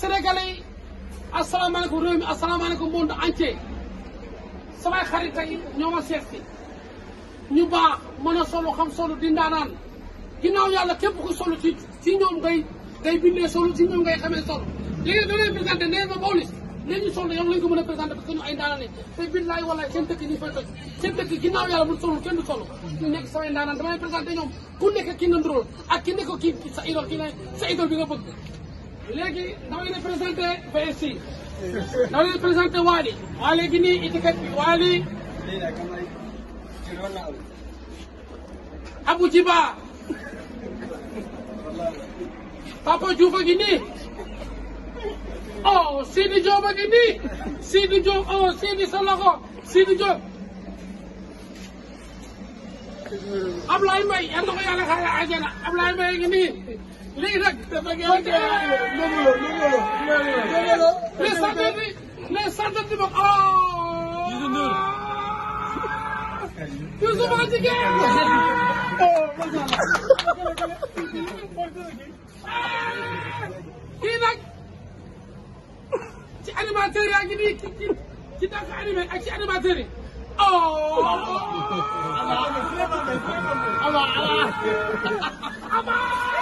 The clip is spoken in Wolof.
sénégalais yi asalaamaaleykum réew mi asalaamaaleykum monde entier samay xarit tey ñoo seet si a solo xam solo di ndaanaan ginnaaw yàlla képp ku solo ci ci ñoom xamee solo léegi da ngay présenté nee na Pawlish nee ñu solo yow lañ ko mën a présenté parce que ñu ay ndaanaan lañ te billaay wallaay seen dëkk ñu fay toj seen dëkk ginnaaw yàlla mun solo kenn solo ku nekk ki nga ak ki nekk kii sa idol ki nga sa idol bi nga bëgg léegi dama leen présenté PS yi dama leen présenté Waly Waly gi nii étiquette bi Waly Abou Djiba Papa Diouf a ngi nii oh Sidi Diop a ngi nii Sidi Diop oh Sidi sa loxo Sidi Ablaye Mbaye yal na ko yàlla xaare àjjana Ablaye Mbaye ngi nii lii nag dafa gën les sandartes yi les sandartes yi moom ah. Youssou ma ci oh! kii nag ci animateur yaa ngi nii ci ci ci dàq animé ak ci animateur yi oh. Allah Allah Allah